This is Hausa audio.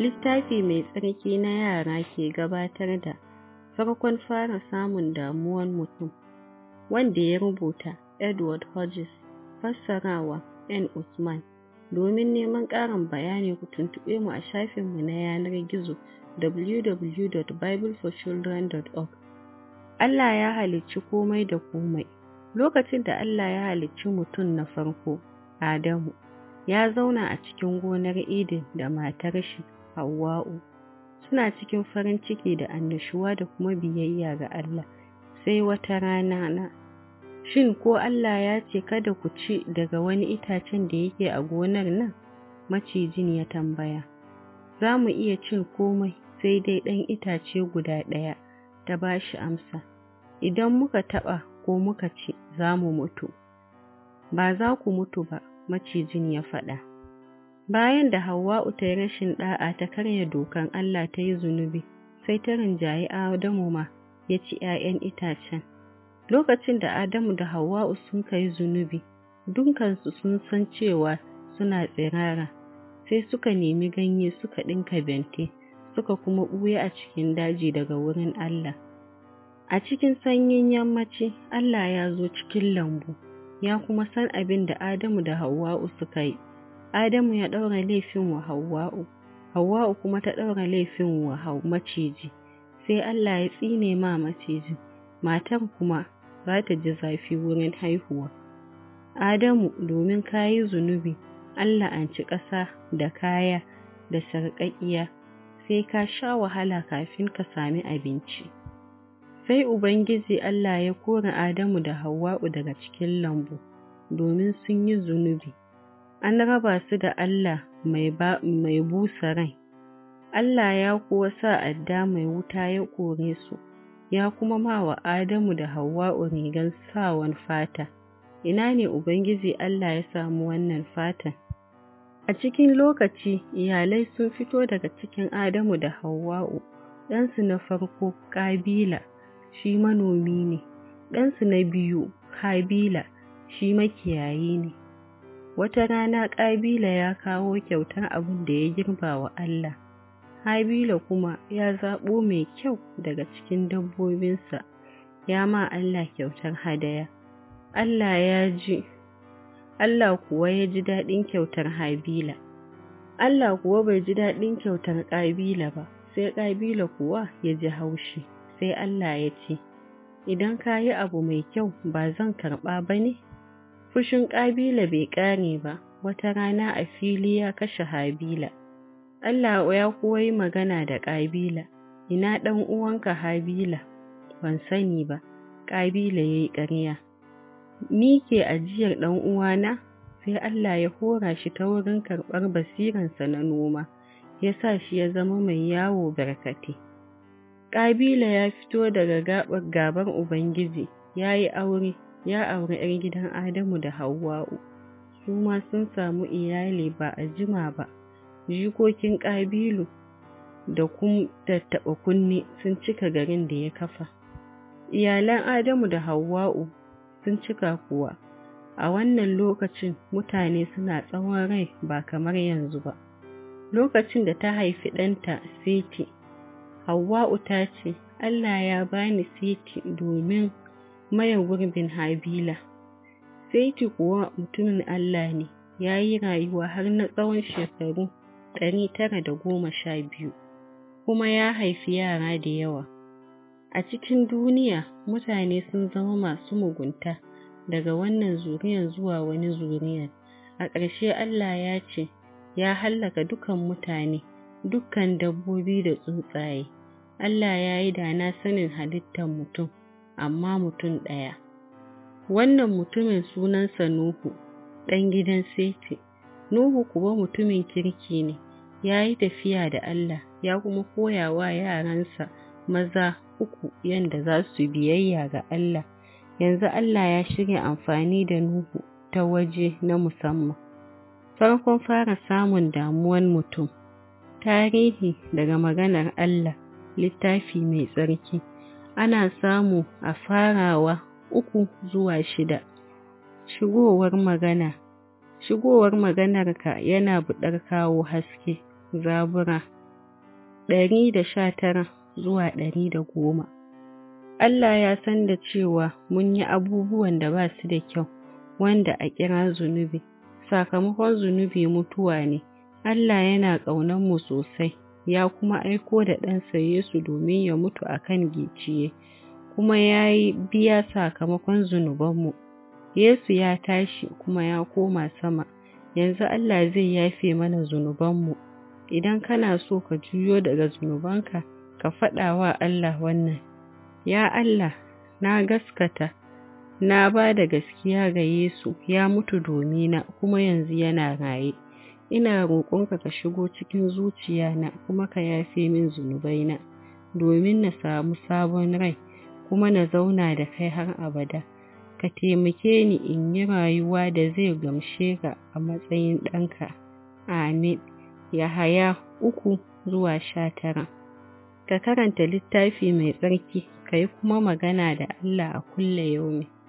littafi mai tsarki na yara ke gabatar da farkon fara samun damuwan mutum wanda ya rubuta edward hodges fassarawa n usman domin neman ƙarin bayani ku tuntuɓe mu a shafinmu na yanar gizo www.bibleforchildren.org Allah ya halicci komai da komai lokacin da Allah ya halicci mutum na farko Adamu ya zauna a cikin gonar idin da matar shi Hawwa'u suna cikin farin ciki da annashuwa da kuma biyayya ga Allah sai wata rana na shin ko Allah ya ce kada ku ci daga wani itacen da yake a gonar nan macijin ya tambaya za mu iya cin komai sai dai ɗan itace guda ɗaya ta ba shi amsa idan muka taɓa ko muka ci za mu mutu ba za ku mutu ba macijin ya faɗa Bayan da Hawwa'u ta yi rashin ɗa'a ta karya dokan Allah ta yi zunubi, sai ta rinjayi Adamu ma ya ci ‘ya'yan itacen. Lokacin da Adamu da Hawwa'u sun kai zunubi, dunkansu sun san cewa suna tsirara, sai suka nemi ganye suka ɗinka bente, suka kuma ɓuya a cikin daji daga wurin Allah. A cikin sanyin yammaci, Allah ya zo cikin lambu, ya kuma san abin da Adamu da Hawwa'u suka yi. Adamu ya ɗaura laifin wa Hawwa'u, Hawwa'u kuma ta ɗaura laifin wa maciji, sai Allah ya tsine ma maciji, matan kuma za ta ji zafi wurin haihuwa. Adamu domin ka yi zunubi, Allah an ci ƙasa da kaya da sarƙaƙiya, sai ka sha wahala kafin ka sami abinci. Sai Ubangiji Allah ya kora Adamu da Hawwa'u daga cikin lambu, domin sun yi zunubi. an raba su da Allah mai busa rai. Allah ya kuwa sa adda mai wuta ya kore su, ya kuma ma wa Adamu da Hawwa rigar sawan fata. Ina ne Ubangiji Allah ya samu wannan fatan? A cikin lokaci, iyalai sun fito daga cikin Adamu da Hawwa'u, ɗansu na farko, Kabila, shi manomi ne, ɗansu na biyu, ƙabila shi makiyayi ne. Wata rana Ƙabila ya kawo kyautar abin da ya girba wa Allah, Habila kuma ya zaɓo mai kyau daga cikin dabbobinsa, ya ma Allah kyautar hadaya. Allah ya ji, Allah kuwa ya ji daɗin kyautar Habila. Allah kuwa bai ji daɗin kyautar Ƙabila ba, sai Ƙabila kuwa ya ji haushi, sai Allah ya ce, Idan ka yi abu mai kyau ba zan karɓa ba ne? Fushin ƙabila bai ƙare ba, wata rana a fili ya kashe Habila. Allah ya kuwa yi magana da ƙabila, ina ɗan uwanka Habila, ban sani ba, ƙabila ya yi ƙarya. Ni ke ajiyar ɗan uwana, sai Allah ya hora shi ta wurin karɓar basiransa na noma, ya sa shi ya zama mai yawo barkate. Ƙabila ya fito daga gabar Ubangiji, ya yi aure, ya auri 'yar gidan Adamu da Hawwa'u, su ma sun samu iyali ba a jima ba, jikokin ƙabilu da kun tattaɓa kunne sun cika garin da ya kafa. Iyalan Adamu da Hawwa'u sun cika kuwa, a wannan lokacin mutane suna tsawon rai ba kamar yanzu ba. Lokacin da ta haifi ɗanta siti, Hawwa'u ta ce, Allah ya bani siti domin Mayan gurbin Habila. Saiti kuwa mutumin Allah ne, ya yi rayuwa har na tsawon shekaru ɗari tara da goma sha biyu, kuma ya haifi yara da yawa. A cikin duniya, mutane sun zama masu mugunta daga wannan zuriyar zuwa wani zuriyar. A ƙarshe Allah ya ce, Ya hallaka dukan mutane, dukkan dabbobi da tsuntsaye. Allah ya yi da na sanin halittar mutum. amma mutum ɗaya. Wannan mutumin sunansa Nuhu, ɗan gidan Seti. Nuhu kuwa mutumin kirki ne, ya yi tafiya da Allah, ya kuma koya wa yaransa maza uku yadda za su biyayya ga Allah. Yanzu Allah ya shirya amfani da Nuhu ta waje na musamman. Farkon fara samun damuwan mutum. Tarihi daga maganar Allah, littafi mai tsarki. ana samu a farawa uku zuwa shida. Shigowar magana Shigowar maganarka yana buɗar kawo haske, zabura, ɗari da sha tara zuwa ɗari da goma. Allah ya san da cewa mun yi abubuwan da ba su da kyau, wanda a kira zunubi, sakamakon zunubi mutuwa ne, Allah yana ƙaunar mu sosai. ya kuma aiko da ɗansa Yesu domin ya mutu a kan giciye, kuma ya yi biya sakamakon zunubanmu. Yesu ya tashi kuma ya koma sama, yanzu Allah zai yafe mana zunubanmu. Idan kana so ka juyo daga zunubanka, ka faɗa wa Allah wannan. Ya Allah, na gaskata, na ba da gaskiya ga Yesu ya mutu domina kuma yanzu yana raye. ina roƙonka ka shigo cikin zuciya na kuma ka yafe min zunubaina domin na samu sabon rai kuma na zauna da kai har abada ka taimake ni in yi rayuwa da zai gamshe ka a matsayin ɗanka amin yahaya uku zuwa sha tara ka karanta littafi mai tsarki ka yi kuma magana da allah a kulle yaumi